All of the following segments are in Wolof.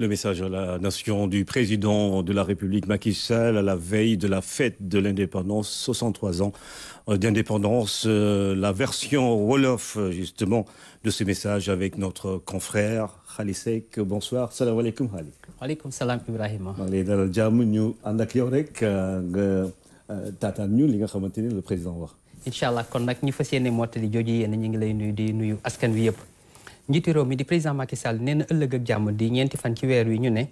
Le message à la nation du président de la République Macky Sall à la veille de la fête de l'indépendance, 63 ans euh, d'indépendance. Euh, la version Wolof, euh, justement, de ce message avec notre confrère Khali Seck. Bonsoir. Salam alaikum, Khali. Alaikum salam, Ibrahima. Allez, dans le jam, nous, en accueillerek, tata, nous, les gars, le président. Inch'Allah, kon nak, nous fassions les mots, les jojis, et nous, nous, askan, vi, yep. njiitu réew mi di président Macky Sall ëllëg ak jàmm di ñeenti fan ci weer wi ñu ne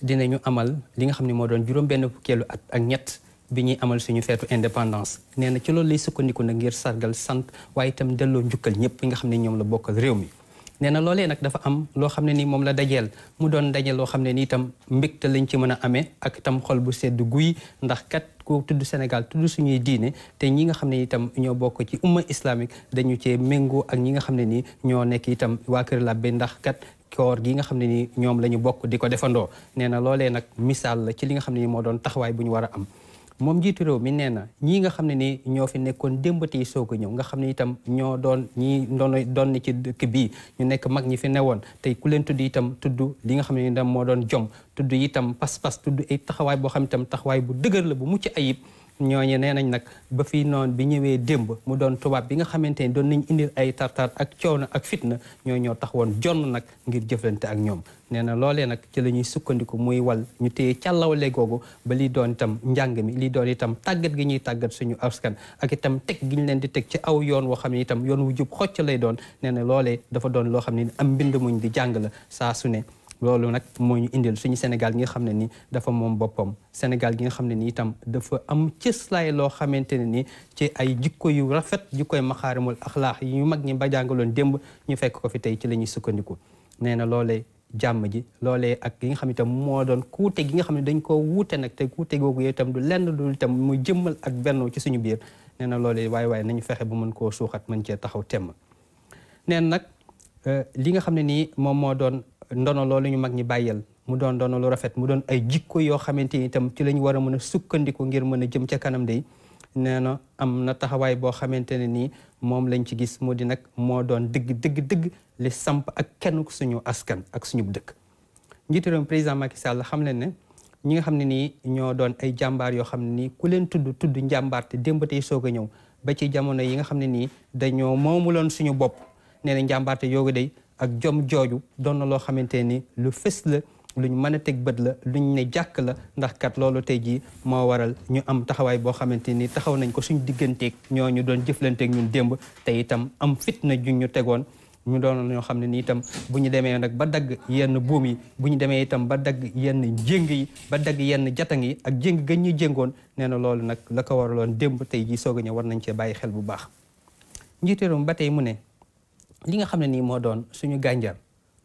dinañu amal li nga xam ne moo doon juróom-benn fukkeelu ak ñett bi ñuy amal suñu feetu indépendance nee na ci loolu lay sukkandiku nag ngir sargal sant waaye itam delloo njukkal ñëpp nga xam ne ñoom la bokkal réew mi. nee na loolee nag dafa am loo xam ne ni moom la dajeel mu doon daje loo xam ne ni itam mbégte lañu ci mën a amee ak itam xol bu sedd guy ndax kat ku tudd Sénégal tudd suñuy diine te ñi nga xam ne itam ñoo bokk ci umma islamique dañu cee méngoo ak ñi nga xam ne ni ñoo nekk itam waa kër labbe ndax kat koor gi nga xam ne ni ñoom la ñu bokk di ko defandoo nee na loolee nag misaal la ci li nga xam ne ni moo doon taxawaay bu ñu war a am moom njiitu réew mi nee na ñii nga xam ne ni ñoo fi nekkoon démbati yi soog a ñëw nga xam ne itam ñoo doon ñi ñii doon doon ci dëkk bii ñu nekk mag ñi fi newoon tey ku leen tudd itam tudd li nga xam ne ni itam moo doon jom tudd itam pas-pas tudd ay taxawaay boo xam itam taxawaay bu dëgër la bu mucc ayib ñooñu nee nañ nag ba fii noon bi ñëwee démb mu doon tubaab bi nga xamante ni doon nañ indi ay tartar ak coow na ak fitna ñoo ñoo woon jonn nag ngir jëflante ak ñoom nee na loolee nag ci la ñuy sukkandiku muy wal ñu téye càllawle googu ba lii doon itam njàng mi li doon itam tàggat gi ñuy tàggat suñu askan ak itam teg gi ñu leen di teg ci aw yoon woo xam ne itam yoon wu jub xocc lay doon nee na loolee dafa doon loo xam ne am mbind muñ di jàng la saa ne loolu nag moo ñu indil suñu Sénégal gi nga xam ne nii dafa moom boppam Sénégal gi nga xam ne nii itam dafa am cëslaay loo xamante ne ni ci ay jikko yu rafet jikkoy maxaarimul axlaax yu mag ñi ba jàngaloon démb ñu fekk ko fi tey ci la ñuy sukkandiku nee na loolee jàmm ji loolee ak yi nga xam ne itam moo doon kuute gi nga xam ne dañ koo wuute nag te kuute googu tam du lenn lu itam mu jëmmal ak bennoo ci suñu biir nee na loolee waaye waaye nañu fexe ba mën koo suuxat mën cee taxaw temm nee nag euh, li nga xam ne nii moom moo doon ndono loolu ñu mag ñi bàyyal mu doon ndono lu rafet mu doon ay jikko yoo xamante ni itam ci la ñu war a mën a sukkandiku ngir mën a jëm ca kanam day nee na am na taxawaay boo xamante ne nii moom lañ ci gis moo di nag moo doon dëgg dëgg dëgg li samp ak kenn suñu askan ak suñu dëkk. njiitu réew président Macky Sall xam leen ne ñi nga xam ne nii ñoo doon ay jàmbaar yoo xam ne nii ku leen tudd tudd njàmbaar te démb tey soog a ñëw ba ci jamono yi nga xam ne nii dañoo moomuloon suñu bopp nee na njàmbaar te yoogu ak jom jooju doon na loo xamante ni lu fës la luñ mën a teg bët la luñ ne jàkk la ndax kat loolu tey jii moo waral ñu am taxawaay boo xamante ni taxaw nañ ko suñ digganteeg ñu doon jëflanteek ñun démb te itam am fitna juñ ñu tegoon ñu doon ñoo xam ne ni itam bu ñu demee nag ba dagg yenn buum yi bu ñu demee itam ba dagg yenn jéng yi ba dagg yenn jatang yi ak jëng gën ñu jéngoon nee na loolu nag la ko waraloon démb tey jii soog a ñëw war nañ cee bàyyi xel bu baax njiiteerum tey mu ne li nga xam ne nii moo doon suñu gànjar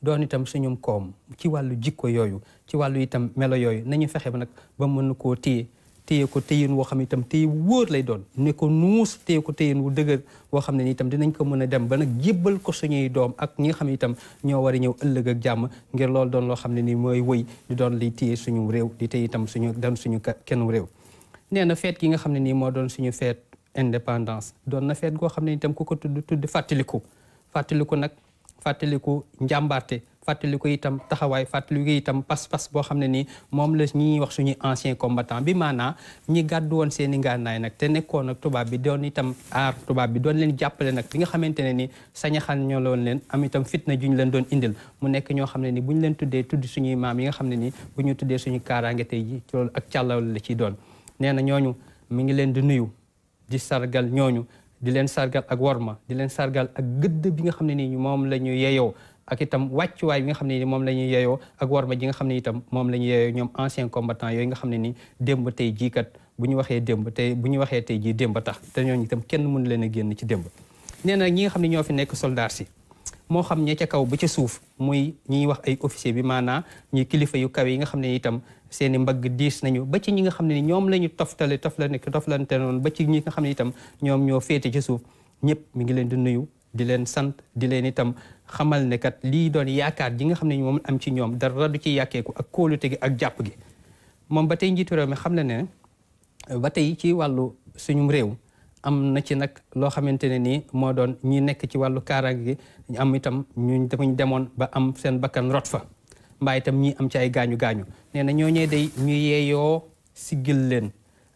doon itam suñu koom ci wàllu jikko yooyu ci wàllu itam melo yooyu nañu fexe ba nag ba mën koo téye téye ko téyin woo xam ne itam téye wóor lay doon ne ko nuus téye ko téyin wu dëgër woo xam ne ni itam dinañ ko mën a dem ba nag jébbal ko suñuy doom ak ñi nga xam ne itam ñoo war a ñëw ëllëg ak jàmm ngir loolu doon loo xam ne ni mooy wëy di doon li téye suñu réew di téye itam suñu dem suñu kenn réew nee na feet gi nga xam ne nii moo doon suñu feet indépendance doon na feet goo xam ne itam ku ko tudd tudd fàttaliku fàttaliku nag fàttaliku njàmbaarte fàttaliku itam taxawaay fàttaliku itam pas-pas boo xam ne nii moom la ñuy wax suñuy ancien combattant bi maanaam ñi gàdd woon seen i ngànnaay nag te nekkoon ak tubaab bi doon itam aar tubaab bi doon leen jàppale nag bi nga xamante ne ni sañaxan ñoo loon leen am itam fitna juñ leen doon indil mu nekk ñoo xam ne ni bu ñu leen tuddee tudd suñuy maam yi nga xam ne nii bu ñu tuddee suñu kaaraange tey ji loolu ak càllawal la ciy doon nee na ñooñu mi ngi leen di nuyu di sargal ñooñu di leen sargal ak war ma di leen sargal ak gëdd bi nga xam ne nii moom la ñu yeyoo ak itam wàccuwaay bi nga xam ne ni moom la ñuy yeyoo ak worma nga xam ne itam moom la ñu ñoom ancien combattant yooyu nga xam ne ni démb tey jiikat bu ñu waxee démb tey bu ñu waxee tey jii démb tax te ñooñu itam kenn mënu leen a génn ci démb nee na ñi nga xam ne ñoo fi nekk soldaar si moo xam ne ca kaw ba ca suuf muy ñi wax ay officier bi maanaa ñuy kilifa yu kaw yi nga xam ne itam seen i mbagg diis nañu ba ci ñi nga xam ne ñoom la ñu toftale toflane toflante noonu ba ci ñi nga xam ne itam ñoom ñoo féete ca suuf ñëpp mu ngi leen di nuyu di leen sant di leen itam xamal ne kat lii doon yaakaar ji nga xam ne moom am ci ñoom dara du ci yàkkeeku ak kóolute gi ak jàpp gi moom ba tey njiitu réew mi xam na ne ba tey ci wàllu suñu réew am na ci nag loo xamante ne nii moo doon ñi nekk ci wàllu kaaraange gi ñu am itam ñu dafañ demoon ba am seen bakkan rot fa mbaa itam ñi am ci ay gaañu gaañu nee na ñoo ñee day ñu yeeyoo siggil leen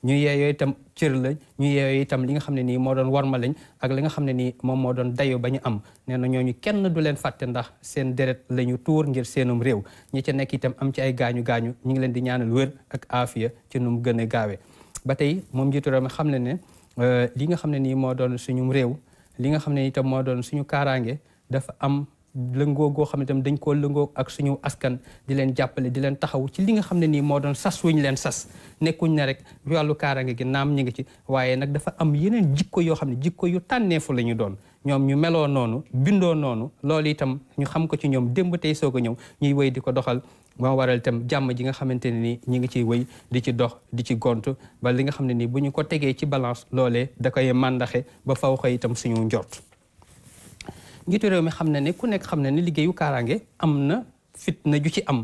ñu yeeyoo itam cër lañ ñu yeeyoo itam li nga xam ne nii moo doon warma lañ ak li nga xam ne nii moom moo doon dayo ba ñu am nee na ñooñu kenn du leen fàtte ndax seen deret la ñu ngir seenum réew ñi ci nekk itam am ci ay gaañu gaañu ñu ngi leen di ñaanal wér ak aafiya ci nu mu gën a gaawee ba tey moom jiitu réew mi xam ne ne Euh, li nga xam ne nii moo doon suñu réew li nga xam ne itam moo doon suñu kaaraange dafa am lëngoo goo xam ne itam dañ ko lëngoo ak suñu askan di leen jàppale di leen taxaw ci li nga xam ne nii moo doon sas wuñ leen sas nekkuñ ne rek wàllu kaaraange gi naam ñi ngi ci waaye nag dafa am yeneen jikko yoo xam ne jikko yu tànneefu la ñu doon ñoom ñu meloo noonu bindoo noonu loolu itam ñu xam ko ci ñoom démb tey soog a ñëw ñuy wéy di ko doxal moo waral itam jàmm ji nga xamante ne ni ñi ngi ciy wëy di ci dox di ci gont ba li nga xam ne ni bu ñu ko tegee ci balance loolee da koy màndaxe ba faw xëy itam suñu njort njiitu réew mi xam na ne ku nekk xam ne ni liggéeyu kaaraange am na fitna ju ci am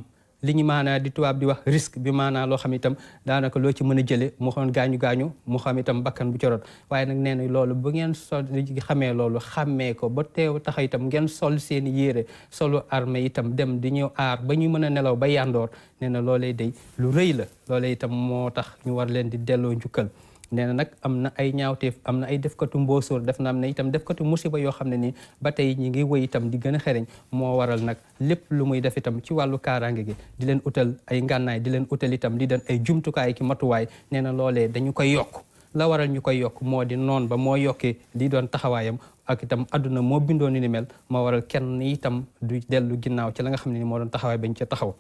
li ñu maanaa di tubaab di wax risque bi maanaa loo xam itam daanaka loo ci mën a jëlee mu xoon gaañu gaañu mu xam itam bakkan bu corot waaye nag nee na loolu ba ngeen sol xamee loolu xàmmee ko ba teew tax itam ngeen sol seen yére solu armée itam dem di ñu aar ba ñu mën a nelaw ba yandoor nee na loolee day lu rëy la loolee itam moo tax ñu war leen di delloo njukkal nee na nag am na ay ñaawteef am na ay defkatu mboosóor def na am na itam defkatu musiba yoo xam ne nii ba tey ñi ngi woy itam di gën a xereñ moo waral nag lépp lu muy def itam ci wàllu kaaraange gi di leen utal ay ngànnaay di leen utal itam di leen ay jumtukaay ki matuwaay nee na loolee dañu koy yokk la waral ñu koy yokk moo di noon ba moo yokkee di doon taxawaayam ak itam àdduna moo bindoo ni ni mel moo waral kenn itam du dellu ginnaaw ci la nga xam ne moo doon taxawaay bañ ca taxaw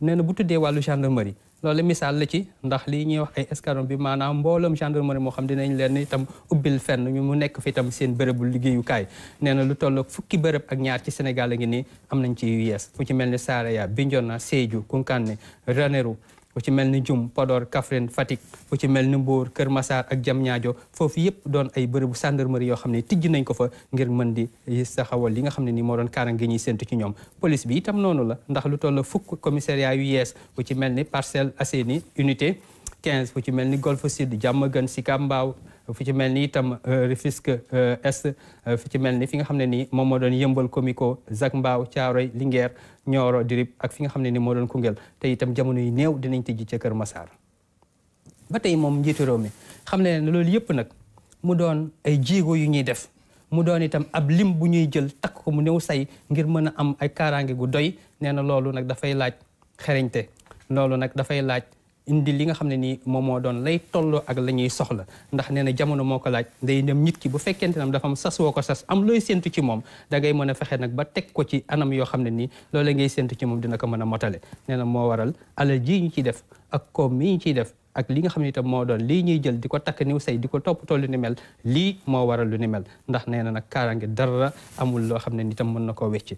nee na bu tuddee wàllu gendarmerie loolu misaal la ci ndax lii ñuy wax ay escadron bi maanaam mbooloom gendarmerie moo xam dinañ leen itam ubbil fenn ñu mu nekk fi itam seen bërëbu liggéeyukaay nee na lu tolloog fukki bërëb ak ñaar ci Sénégal a ngi nii am nañ ci yu yees fu ci mel ni Saraya Bignona Sédhiou Koungheul Ranérou fu ci mel ni jum Podor Kaffrine Fatick fu ci mel ni Mbour Kër Massar ak jam ñaajo foofu yëpp doon ay bërëbu gendarmerie yoo xam ne tijji nañ ko fa ngir mën di saxawal li nga xam ne nii moo doon kaaraange ñuy séntu ci ñoom police bi itam noonu la ndax lu toll fukk commissariat yu yees fu ci mel ni Parcelles Assainies unité 15 fu ci mel ni Golf Sud Diamaguène Sicap Mbao Euh, fu ci mel ni itam euh, Rufisque euh, Est fu ci mel ni fi nga xam ne nii moom moo doon yëmbal Comico Zac Mbao Thiaroye Linguère Nioro Dirib ak fi nga xam ne ni moo doon Koungheul te itam jamono yu néew dinañ tijji ca Kër Massar ba tey moom njiitu mi xam ne ne loolu yëpp nag mu doon ay jéego yu ñuy def mu doon itam ab lim bu ñuy jël takk ko mu néew say ngir mën a am ay kaaraange gu doy nee na loolu nag dafay laaj xereñte loolu nag dafay laaj indi li nga xam ne nii moom moo doon lay tolloo ak la ñuy soxla ndax nee na jamono moo ko laaj day dem nit ki bu fekkente nam dafa am sas woo ko sas am looy ci moom da mën a fexe nag ba teg ko ci anam yoo xam ne nii loola ngay séntu ci moom dina ko mën a motale nee na moo waral alal ji ñu ciy def ak koom mi ñu ciy def ak li nga xam ne itam moo doon lii ñuy jël di ko takk niw say di ko toppatoo lu ni lii moo waral lu ni ndax nee na nag kaaraange dara amul loo xam ne ni itam mën na koo wecc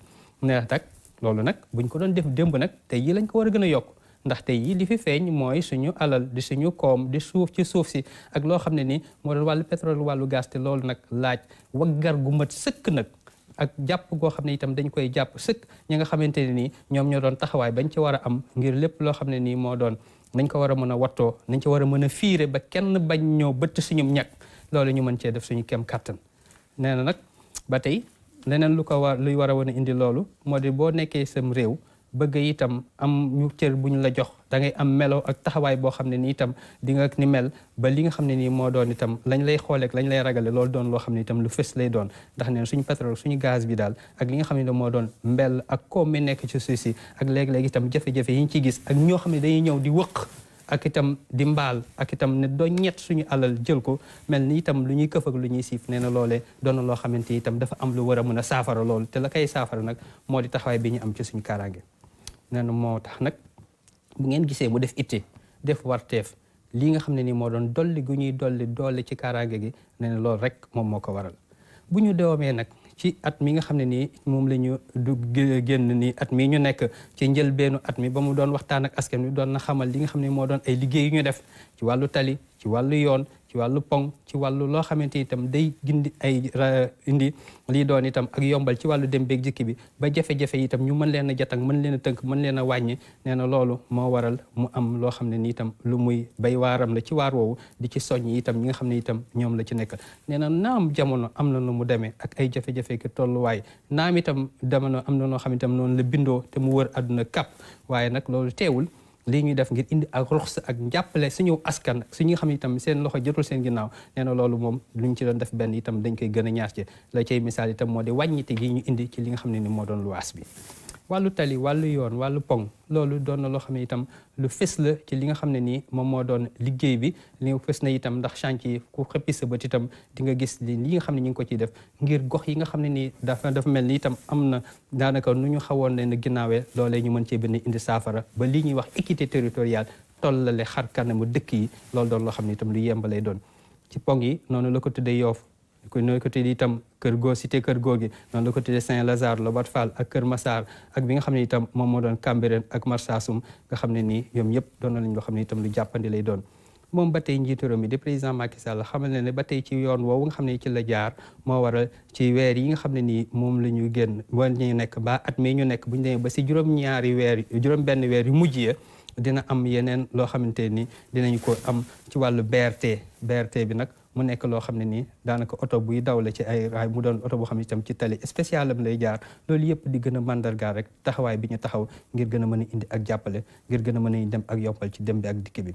nee na loolu nag buñ ko doon def démb nag tey yi lañ ko war a gën a yokk ndaxte yi li fi feeñ mooy suñu alal di suñu koom di suuf ci suuf si ak loo xam ne nii moo doon wàllu pétrole wàllu gaz te loolu nag laaj waggar gu mat sëkk nag ak jàpp goo xam ne itam dañ koy jàpp sëkk ñi nga xamante ne nii ñoom ñoo doon taxawaay bañ ci war a am ngir lépp loo xam ne nii moo doon nañ ko war a mën a wattoo nañ ci war a mën a fiire ba kenn bañ ñoo bëtt suñum ñàkk loolu ñu mën cee def suñu kem kàttan nee na nag ba tey leneen lu ko war luy war a wan a indi loolu moo di boo nekkee sam réew bëgg itam am ñu cër bu ñu la jox da ngay am melo ak taxawaay boo xam ne nii itam di nga ni mel ba li nga xam ne nii moo doon itam lañ lay xooleek lañ lay ragale loolu doon loo xam ne itam lu fës lay doon ndax neen suñu pétrole suñu gaz bi daal ak li nga xam ne moo doon mbel ak koom mi nekk ci si ak léeg-léeg itam jafe yi ñu ci gis ak ñoo xam ne dañuy ñëw di wëq ak itam di mbaal ak ne doo ñett suñu alal jël ko mel ni itam lu ñuy këf ak lu ñuy siif nee na loolee doon loo xamante itam dafa am lu war a mën a saafara loolu te la kay saafara nag moo di taxawaay bi ñu am ci suñu kaaraange nee na moo tax nag bu ngeen gisee mu def itte def warteef lii nga xam ne nii moo doon dolli gu ñuy dolli dolli ci kaaraage gi nee na loolu rek moom moo ko waral bu ñu doomee nag ci at mi nga xam ne nii moom la ñu du génn nii at mii ñu nekk ci njëlbeenu at mi ba mu doon waxtaan ak askan wi doon na xamal li nga xam ne moo doon ay liggéey yu ñu def ci wàllu tali ci wàllu yoon ci wàllu pont ci wàllu loo xamante itam day gindi ay indi lii doon itam ak yombal ci wàllu dem beeg jikki bi ba jafe-jafe itam ñu mën leen a jatang mën leen a tënk mën leen a wàññi nee na loolu moo waral mu am loo xam ne nii itam lu muy bay waaram la ci waar woowu di ci soññ itam ñi nga xam ne itam ñoom la ci nekkal nee na naam jamono am na nu mu demee ak ay jafe ki tolluwaay naam itam jamono am na noo xam ne itam noonu la bindoo te mu wër àdduna kap waaye nag loolu teewul lii ñuy def ngir indi ak rox ak njàppale suñu askan su ñi xam ne itam seen loxo jotul seen ginnaaw nee na loolu moom lu ñu ci doon def benn itam dañ koy gën a ñaar ci la cay misaal itam moo di wàññite gi ñu indi ci li nga xam ne ni moo doon luwaas bi wàllu tali wàllu yoon wàllu pont loolu doon na loo xam ne itam lu fës la ci li nga xam ne nii moom moo doon liggéey bi li nga na itam ndax chantier ku xëppi sa bët itam di nga gis li nga xam ne ñu ngi ko ciy def ngir gox yi nga xam ne nii dafa dafa mel ni itam am na daanaka nu ñu xawoon leen a ginnaawee loolee ñu mën cee benn indi saafara ba lii ñuy wax équité territoriale tollale xar kanamu dëkk yi loolu doon loo xam ne itam lu yemb doon ci pont yi noonu la ko tuddee yoof ñoo ko tuddee itam kër goo cité kër goo gi noonu la ko tuddee Saint-Lazare Lobat Fall ak kër Massar ak bi nga xam ne itam moom moo doon Cambérène ak Marsassoum nga xam ne nii ñoom ñëpp doon na lañ loo xam ne itam lu jàppandi doon moom ba tey njiitu mi di président Macky Sall ne ba tey ci yoon woowu nga xam ne ci la jaar moo waral ci weer yi nga xam ne nii moom la ñu génn wala ñu nekk ba at mi ñu nekk bu ñu ba si juróom-ñaari weer juróom benn weer yu mujj dina am yeneen loo xamante ni dinañ ko am ci wàllu berte BRT bi nag mu nekk loo xam ne nii daanaka oto buy daw le ci ay raay mu doon oto boo xam ne tam ci tali spécial lay jaar loolu yëpp di gën a mandargaal rek taxawaay bi ñu taxaw ngir gën a mën a indi ak jàppale ngir gën a mën a dem ak yombal ci dem bi ak dikk bi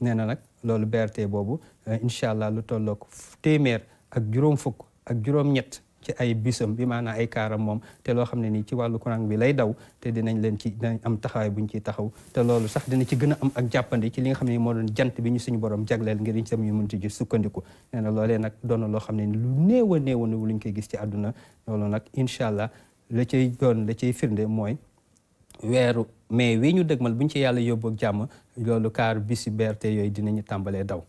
nee na nag loolu BRT boobu eh, incha allah lu tollook téeméer ak juróom fukk ak juróom ñett ci ay bisam bi maanaam ay kaaram moom te loo xam ne nii ci wàllu courant bi lay daw te dina leen ci dinañ am taxawaay buñ ciy taxaw te loolu sax dina ci gën a am ak jàppandi ci li nga xam ne moo doon jant bi ñu suñu borom jagleel ngir ñu sam ñu mën ci gis sukkandiku nee na loolee nag doon loo xam ne ni lu néew a néew lu ñu koy gis ci àdduna loolu nag incha allah la cay doon la cay firnde mooy weeru mais wii ñu dëgmal buñ ci yàlla yóbbu jàmm loolu kaar bisi BRT yooyu dinañu tàmbalee daw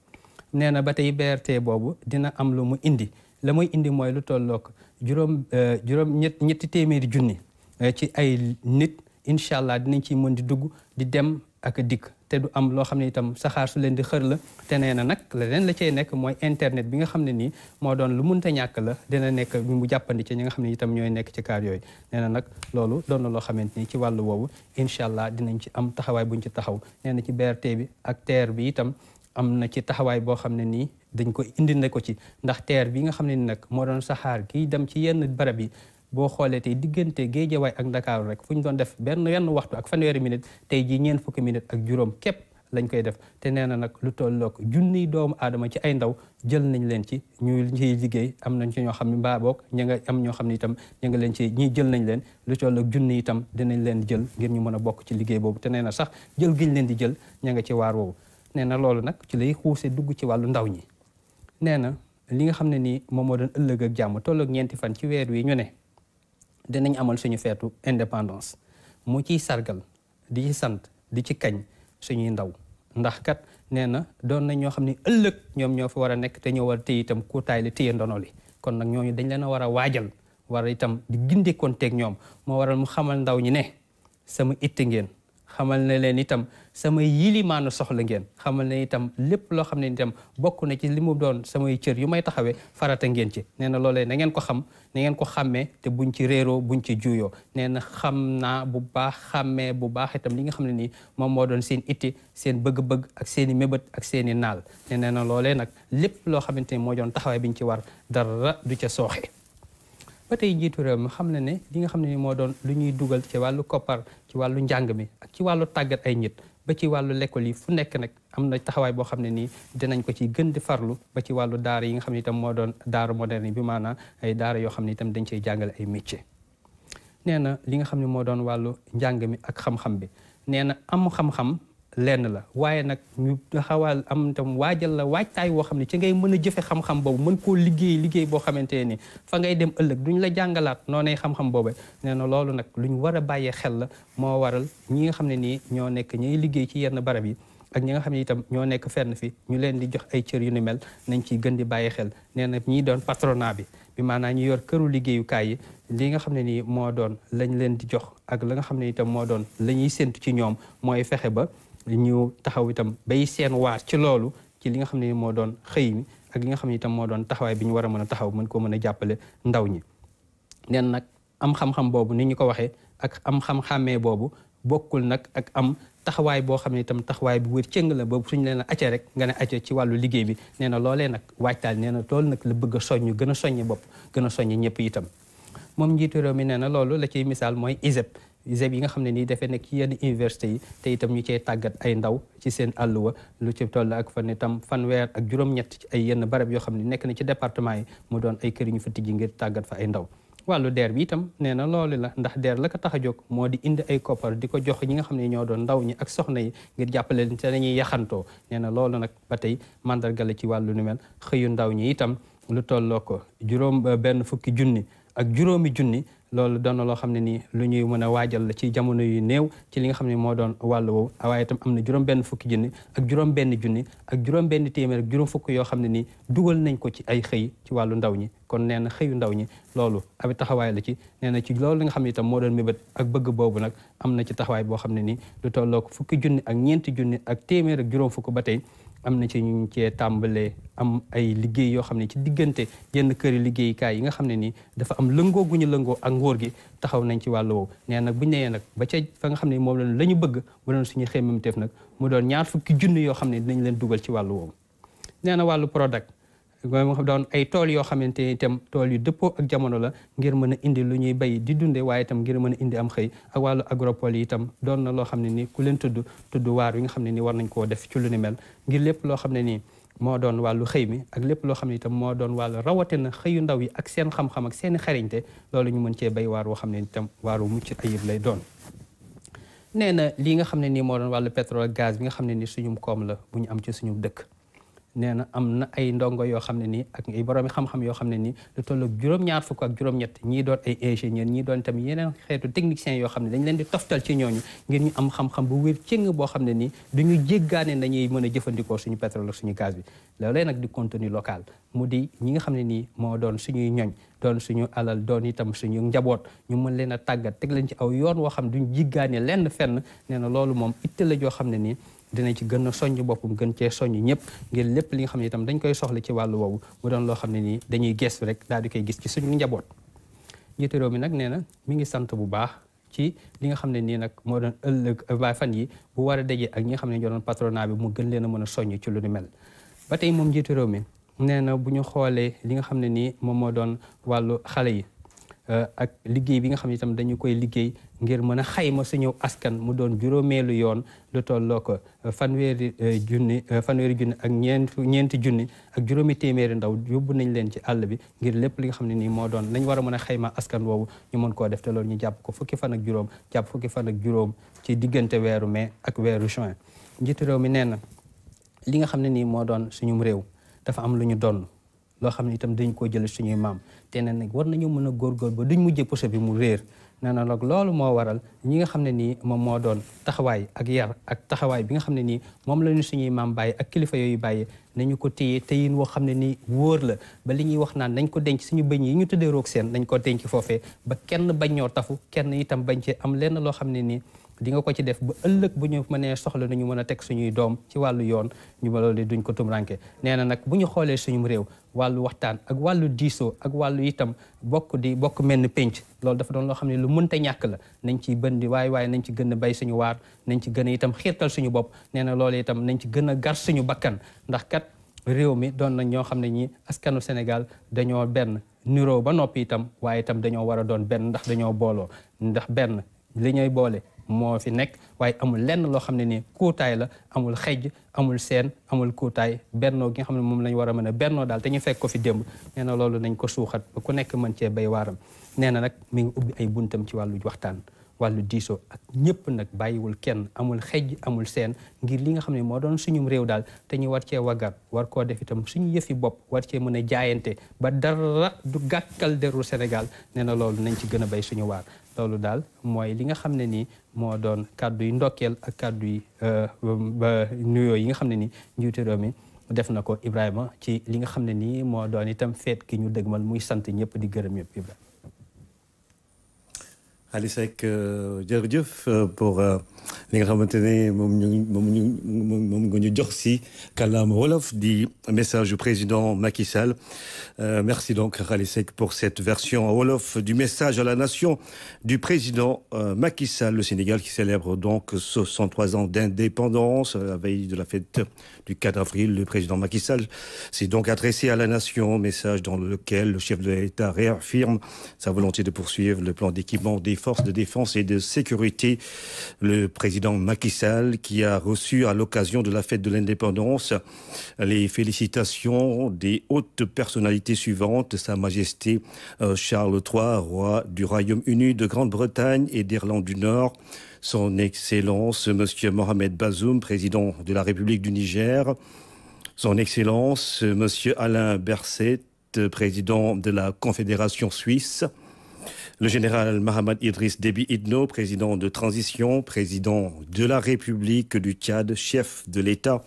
na ba tey boobu dina am lu mu indi la mooy indi mooy lu tollook juróom euh, juróom ñett ñetti téeméeri junni euh, ci ay nit incha allah dinañ ciy mën di dugg di dem ak dikk te du am loo xam ne itam saxaar su leen di xër la te na nag leneen la cay nekk mooy internet bi nga xam ne nii moo doon lu munta ñàkk la dina nekk mu jàppandi ci ñi nga xam ne itam ñooy nekk ci kaar yooyu nee na nag loolu doon na loo xamante ni ci wàllu woowu incha allah dinañ ci am taxawaay buñ ci taxaw nee na ci BRT bi ak TER bi itam am na ci taxawaay boo xam ne nii dañ ko indi ne ko ci ndax teer bi nga xam ne ni nag moo doon saxaar kiy dem ci yenn barab yi boo xoolee tey diggante Géejawaay ak Ndakaaru rek fu ñu doon def benn yenn waxtu ak fanweeri minute tey jii ñeent fukki minute ak juróom képp lañ koy def te nee na nag lu tollook junniy doomu aadama ci ay ndaw jël nañ leen ci ñu ciy liggéey am nañ ci ñoo xam ne mbaa ña nga am ñoo xam ne itam ña nga leen ci ñii jël nañ leen lu tollook junni itam dinañ leen jël ngir ñu mën a bokk ci liggéey boobu te nee na sax jël giñ leen di jël ña nga ci waar woowu nee na loolu nag ci lay xuuse dugg ci wàllu ndaw ñi nee na li nga xam ne nii moom moo doon ëllëg ak jàmm tolloog ñeenti fan ci weer wi ñu ne dinañ amal suñu feetu indépendance mu ciy sargal di ci sant di ci kañ suñuy ndaw ndax kat nee na doon nañ ñoo xam ne ëllëg ñoom ñoo fi war a nekk te ñoo war a itam kuutaay li téye ndono li kon nag ñooñu dañ leen a war a waajal war itam di gindeekoon teeg ñoom moo waral mu xamal ndaw ñi ne sama itte ngeen xamal na leen itam sama yilimaanu soxla ngeen xamal na itam lépp loo xam ne itam bokk na ci li mu doon samay cër yu may taxawee farata ngeen ci nee na loolee na ngeen ko xam na ngeen ko xàmmee te buñ ci réeroo buñ ci juuyoo nee na xam naa bu baax xàmmee bu baax itam li nga xam ne nii moom moo doon seen itti seen bëgg-bëgg ak seen i mébét ak seen i naal nee na loolee nag lépp loo xamante ne moo doon taxawee biñ ci war dara du ca sooxe ba tey njiitu réew mi xam na ne li nga xam ne ni moo doon lu ñuy dugal ci wàllu koppar wàllu njàng mi ak ci wàllu tàggat ay nit ba ci wàllu lekkool yi fu nekk nag am na taxawaay boo xam ne nii dinañ ko ci gën di farlu ba ci wàllu daara yi nga xam ne itam moo doon daara moderne bi maanaam ay daara yoo xam ne itam dañ cey jàngale ay métier nee na li nga xam ne moo doon wàllu njàng mi ak xam-xam bi nee na am xam-xam lenn la waaye nag ñu xawal am tam waajal la waajtaay woo xam ne ci ngay mën a jëfe xam-xam boobu mën koo liggéey liggéey boo xamante ni fa ngay dem ëllëg duñ la jàngalaat noonay xam-xam nee na loolu nag lu ñu war a bàyyee xel la moo waral ñi nga xam ne nii ñoo nekk ñuy liggéey ci yenn barab yi ak ñi nga xam ne itam ñoo nekk fenn fi ñu leen di jox ay cër yu ni mel nañ ciy gën di bàyyi xel nee na ñiy doon patronat bi bi maanaam ñu yor këru liggéeyukaay yi li nga xam ne nii moo doon lañu leen di jox ak la nga xam ne itam moo doon la ñuy séntu ci ñoom mooy fexe ba ñu taxaw itam bay seen waar ci loolu ci li nga xam ne moo doon xëy mi ak li nga xam ne itam moo doon taxawaay bi ñu war a mën a taxaw mën koo mën a jàppale ndaw ñi neen nag am xam-xam boobu ni ñu ko waxee ak am xam-xàmmee boobu bokkul nag ak am taxawaay boo xam ne itam taxawaay bu wér cëng la boobu suñu leen a rek nga ne acce ci wàllu liggéey bi nee na loolee nag waajtaal nee na loolu nag la bëgg a soññ gën a soññ bopp gën a soññ ñëpp itam moom njiitu réew mi nee loolu la ciy mooy ISEP ISEP yi e nga xam ne nii dafee nekk ci yenn université yi te itam ñu cee tàggat ay ndaw ci seen àll wa lu ci toll ak fan itam fanweer ak juróom-ñett ci ay yenn barab yoo xam ne nekk na ci département yi mu doon ay kër ñu fa tijji ngir tàggat fa ay ndaw wàllu DER bi itam nee na loolu la ndax DER la ko tax a jóg moo di indi ay koppar di ko jox ñi nga xam ne ñoo doon ndaw ñi ak soxna yi ngir jàppale leen te dañuy yaxantoo nee na loolu nag ba tey mandarga ci wàllu nu mel xëyu ndaw ñi itam lu tolloo ko juróom benn fukki junni ak juróomi junni loolu doon na loo xam ne nii lu ñuy mën a waajal la ci jamono yu néew ci li nga xam ne moo doon wàll woowu waaye itam am na juróom-benn fukki junni ak juróom-benn junni ak juróom-benn téeméer ak juróom fukk yoo xam ne nii dugal nañ ko ci ay xëy ci wàllu ndaw ñi kon nee na xëyu ndaw ñi loolu ab taxawaay la ci nee ci loolu li nga xam ne itam moo doon mébét ak bëgg boobu nag am na ci taxawaay boo xam ne nii lu tollook fukki junni ak ñeenti junni ak téeméer ak juróom fukk ba tey am na ci ñu cee tàmbalee am ay liggéey yoo xam ne ci diggante yenn këri liggéeykaay yi nga xam ne nii dafa am lëngoo gu ñu lëngoo ak ngóor gi taxaw nañ ci wàll woowu nee nag bu ñu nee nag ba ca fa nga xam ne moom la ñu bëgg mu doon suñu xemmemteef nag mu doon ñaar fukki junn yoo xam ne dinañ leen dugal ci wàll woowu nee na wàllu product moo xam doon ay tool yoo xamante ni itam tool yu dëppoo ak jamono la ngir mën a indi lu ñuy bay di dunde waaye tam ngir mën a indi am xëy ak wàllu agropole yi itam doon na loo xam ne ni ku leen tudd tudd waar yi nga xam ne ni war nañ koo def ci lu ni mel lépp loo xam ne nii moo doon wàllu xëy mi ak lépp loo xam ne itam moo doon wàllu rawatina xëyu ndaw yi ak seen xam-xam ak seeni xarañte loolu ñu mën cee bay waar woo xam ne itam waaru mucc ayib lay doon nee na lii nga xam ne nii moo doon wàllu pétrole gaz bi nga xam ne ni suñum koom la bu ñu am ci suñu dëkk nee na am na ay ndongo yoo xam ne nii ak ay boroomi xam-xam yoo xam ne nii lu toll juróom-ñaar fukk ak juróom-ñett ñii doon ay ingénieur ñii doon tamit yeneen xeetu techniciens yoo xam ne dañ leen di toftal ci ñooñu ngir ñu am xam-xam bu wér cëng boo xam ne nii duñu jéggaane nañuy mën a jëfandikoo suñu pétrole ak suñu gaz bi loolee nag di contenu local mu di ñi nga xam ne nii moo doon suñuy ñoñ doon suñu alal doon itam suñu njaboot ñu mën leen a tàggat teg leen ci aw yoon woo xam duñ jéggaane lenn fenn nee na loolu moom itte la joo xam ne nii dina ci gën a soññ boppam gën cee soññ ñëpp ngir lépp li nga xam ne itam dañ koy soxla ci wàllu woowu mu doon loo xam ne nii dañuy gestu rek daal di koy gis ci suñu njaboot njiitu réew mi nag nee na mi ngi sant bu baax ci li nga xam ne nii nag moo doon ëllëg ba euh, fan yi bu war a dajee ak ñi nga xam ne ñoo doon bi mu gën leen a a soññ ci lu mel ba moom njiitu réew mi nee na bu ñu xoolee li nga xam ne nii moom moo doon wàllu xale yi Euh, ak liggéey bi nga xam ne itam dañu koy liggéey ngir mën a xayma suñu askan mu doon juróomeelu yoon lu tolloo ko euh, fanweeri euh, junni fanweeri junni ak ñeent ñeenti junni ak juróomi téeméeri ndaw yóbbu nañ leen ci àll bi ngir lépp li nga xam ne nii moo doon lañ war a mën a xayma askan woowu ñu mën koo def loolu ñu jàpp ko fukki fan ak jàpp fukki fan ak juróom ci diggante weeru mai ak weeru juin njiitu réew mi nee na li nga xam ne nii moo doon suñu réew dafa am lu ñu doon loo xam ne itam dañ koo jële suñuy maam te nag war nañu mën a góorgóor ba duñ mujjee poche bi mu réer nee na nag loolu moo waral ñi nga xam ne nii moom moo doon taxawaay ak yar ak taxawaay bi nga xam ne nii moom la ñu suñuy maam bàyyi ak kilifa yooyu bàyyi nañu ko téye téyin woo xam ne nii wóor la ba li ñuy wax naan nañ ko denc suñu bëñ yi ñu tuddee roog seen nañ ko denc foofee ba kenn bañ ñoo tafu kenn itam bañ ci am lenn loo xam ne nii di nga ko ci def ba ëllëg bu ñu mënee soxla nañu mën a teg suñuy doom ci wàllu yoon ñu ba loolu duñ ko tumranke nee na nag bu ñu xoolee suñu réew wàllu waxtaan ak wàllu diisoo ak wàllu itam bokk di bokk menn pénc loolu dafa doon loo xam ne lu mënta ñàkk la nañ ci bën waaye nañ ci gën a bay suñu waar nañ ci gën itam xiirtal suñu bopp nee na loolu itam nañ ci gën a gar suñu bakkan ndax kat réew mi doon nañ ñoo xam ne ñi askanu Sénégal dañoo benn niroo ba noppi itam waaye itam dañoo war a doon benn ndax dañoo booloo ndax benn li ñuy boole moo fi nekk waaye amul lenn loo xam ne ni kuutaay la amul xejj amul seen amul kuutaay bennoo gi nga xam ne moom lañ war a mën a bennoo daal te ñu fekk ko fi démb nee na loolu nañ ko suuxat ba ku nekk mën cee bay waaram nee na nag mi ngi ubbi ay buntam ci wàllu waxtaan wàllu diisoo ak ñëpp nag bàyyiwul kenn amul xejj amul seen ngir li nga xam ne moo doon suñum réew daal te ñu war cee waggar war koo def itam suñu yëfi bopp war cee mën a jaayante ba dara du gàkkal deru Sénégal nee na loolu nañ ci gën a béy suñu waar loolu daal mooy li nga xam ne nii moo doon kàddu yi ndokkeel ak kàddu yi ba euh, euh, nuyoo yi nga xam ne nii njiitu réew mi def na ko Ibrahima ci li nga xam ne nii moo doon itam feet ki ñu dëgmal muy sant ñëpp di gërëm ñëpp Ali Seck euh, jërëjëf euh, pour euh, li nga xamante ne moom ñu moom nga ñu jox si kàllaama wolof di message du président Macky Sall euh, merci donc Khali Seck pour cette version wolof du la nation du président euh, Macky Sall le Sénégal qui célèbre donc 63 ans d'indépendance euh, la veille de la fête du 4 avril président Macky Sall s'est donc adressé à la nation message dans lequel le chef de l'État réaffirme sa président Macky Sall qui a reçu à l'occasion de la fête de l'indépendance les félicitations des hautes personnalités suivantes, Sa Majesté euh, Charles III, roi du Royaume-Uni de Grande-Bretagne et d'Irlande du Nord, Son Excellence Monsieur Mohamed Bazoum, président de la République du Niger, Son Excellence Monsieur Alain Berset, euh, président de la Confédération suisse, Le général Mahamad Idriss Déby Idno, président de transition, président de la République du Tchad, chef de l'État.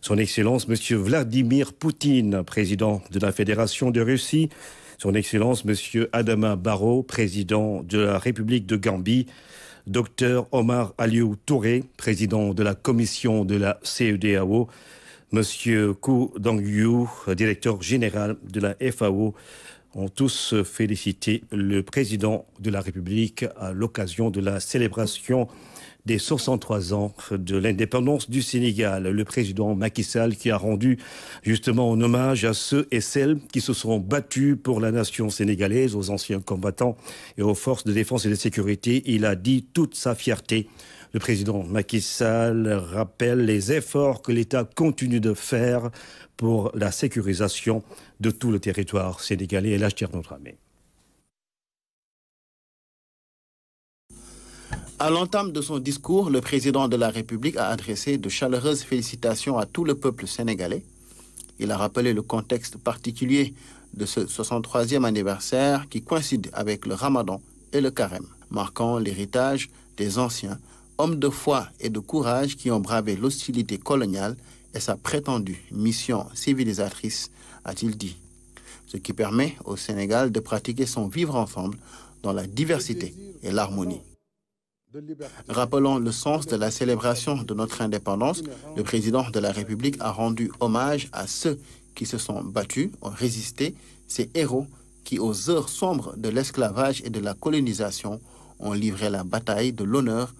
Son Excellence, Monsieur Vladimir Poutine, président de la Fédération de Russie. Son Excellence, Monsieur Adama Barrow, président de la République de Gambie. Docteur Omar Aliou Touré, président de la commission de la CEDAO. Monsieur Kou Dongyu, directeur général de la FAO. ont tous félicité le président de la République à de la célébration des 63 ans de l'indépendance du Sénégal. Le président Macky Sall qui a rendu justement un hommage à ceux et celles qui se sont battus pour la nation sénégalaise, aux anciens combattants et aux forces de défense et de sécurité. Il toute sa le président Macky Sall rappelle les efforts que l'État de faire pour la sécurisation de tout le territoire sénégalais et À l'entame de son discours, le président de la République a adressé de chaleureuses félicitations à tout le peuple sénégalais. Il a rappelé le contexte particulier de ce 63e anniversaire qui coïncide avec le Ramadan et le Carême, marquant l'héritage des anciens, hommes de foi et de courage qui ont bravé l'hostilité coloniale et sa prétendue mission civilisatrice, a-t-il dit, ce qui permet au Sénégal de pratiquer son vivre ensemble dans la diversité et l'harmonie. Rappelons le sens de la célébration de notre indépendance, le président de la République a rendu hommage à ceux qui se sont battus, ont résisté, ces héros qui, aux heures sombres de l'esclavage et de la colonisation, ont livré la bataille de l'honneur